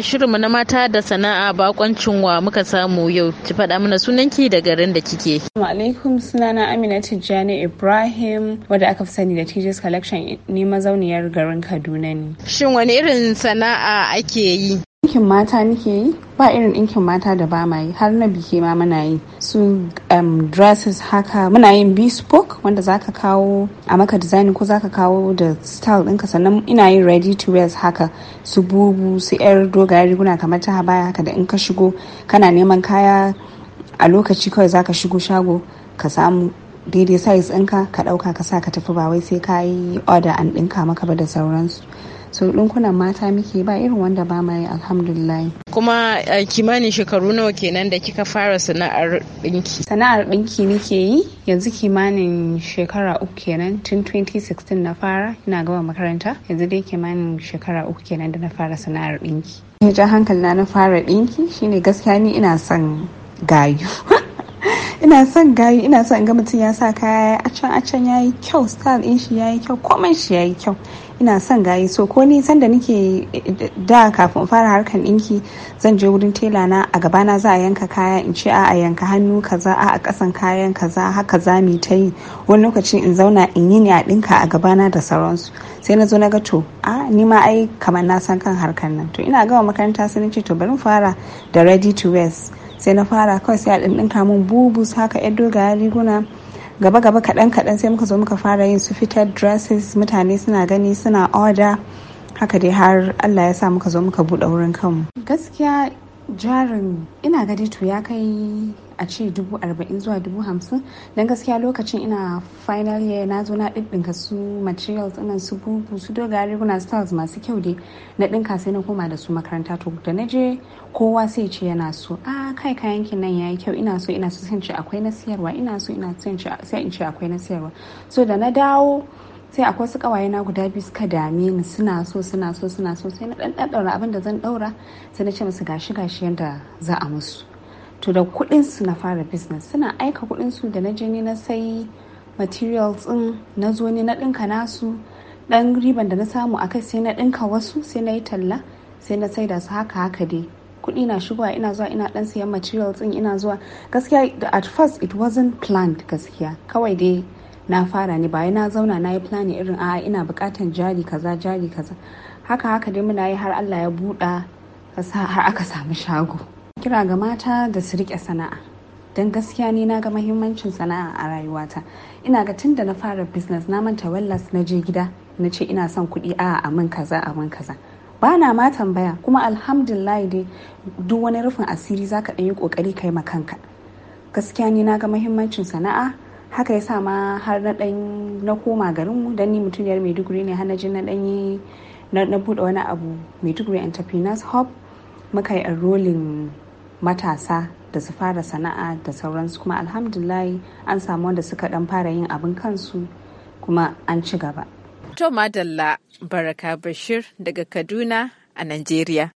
a shirinmu na mata da sana'a bakoncin wa muka samu yau ki faɗa mana sunanki da garin da kike. alaikum sunana Amina Tijjani Ibrahim wadda aka fi sani da TJ's Collection ni mazauniyar garin Kaduna ne. Shin wani irin sana'a ake yi? ɗinkin mata nike yi ba irin ɗinkin mata da ba ma yi har na bike ma muna yi su um, dresses haka muna yin bespoke wanda za ka kawo a maka design ko za ka kawo da style ɗinka sannan ina yin ready to wear haka su bubu su yar dogayen riguna kamar ta baya haka da in ka shigo kana neman kaya a lokaci kawai za ka shigo shago ka samu daidai size ɗinka ka ɗauka ka sa ka tafi ba wai sai ka yi order an ɗinka maka ba da sauransu so ɗunkunan mata muke ba irin wanda ba mai yi alhamdulillah kuma uh, kimanin shekaru nawa kenan da kika fara sana'ar ɗinki sana'ar ɗinki nake yi yanzu kimanin shekara uku kenan tun 2016 na fara ina gaba makaranta yanzu dai kimanin shekara uku kenan da na fara sana'ar ɗinki ya ja hankali na na fara ɗinki shine gaskiya ni ina son gayu ina son ina son in ga mutum ya sa kaya a can a can yayi kyau style in shi yayi kyau komai shi yayi kyau ina son gayi so ko ni sanda nake da kafin fara harkan dinki zan je wurin tela na a gaba na za a yanka kaya in ce a yanka hannu kaza a kasan kayan kaza haka za mu ta yi wani lokacin in zauna in yi ni a dinka a gaba na da sauransu sai na zo na ga to a ni ma ai kamar na san kan harkan nan to ina gama makaranta sai na ce to bari fara da ready to wear sai na fara kawai sai a ɗinɗinka kamun bubus haka yan ya riguna gaba gaba kaɗan kaɗan sai muka zo muka fara yin su fitar dresses mutane suna gani suna order haka dai har Allah ya sa muka zo muka buɗe wurin kanmu gaskiya jarin ina ga to ya kai a ce dubu arba'in zuwa dubu hamsin don gaskiya lokacin ina final year na zo na ɗinɗinka su materials ina su bubu su dogare riguna styles masu kyau dai na ɗinka sai na koma da su makaranta to da na je kowa sai ce yana so a kai kayankin nan nan yi kyau ina so ina so sai in ce akwai na siyarwa ina so ina so sai in ce akwai na siyarwa so da na dawo sai akwai wasu kawaye na guda biyu suka dame ni suna so suna so suna so sai na dan daddaura abin da zan daura sai na ce musu gashi gashi yadda za a musu to da kudin su na fara business suna aika kudin su da na je ni na sai materials din na zo ni na dinka nasu dan riban da na samu akai sai na dinka wasu sai na yi talla sai na saida su haka haka dai kuɗi na shigowa ina zuwa ina dan siyan materials din ina zuwa gaskiya at first it wasn't planned gaskiya kawai dai na fara ne bayan na zauna na yi plani irin a'a ina bukatan jari kaza jari kaza haka haka dai muna yi har Allah ya buɗa har aka samu shago kira ga mata da su rike sana'a don gaskiya ne na ga mahimmancin sana'a a rayuwata ina ga tun da na fara business na manta wellas na je gida na ce ina son kuɗi a amin kaza amin kaza ba na ma tambaya kuma alhamdulillah dai duk wani rufin asiri zaka ɗan yi ƙoƙari kai ma kanka gaskiya ni na ga mahimmancin sana'a haka ya sa ma har na dan na koma garinmu don ni mutuniyar maiduguri ne har na na dan yi na bude wani abu maiduguri entrepreneurs hub muka yi enrolling matasa da su fara sana'a da sauransu kuma alhamdullahi an samu wanda suka dan fara yin abin kansu kuma an ci gaba. To Madalla Baraka Bashir daga Kaduna a Najeriya.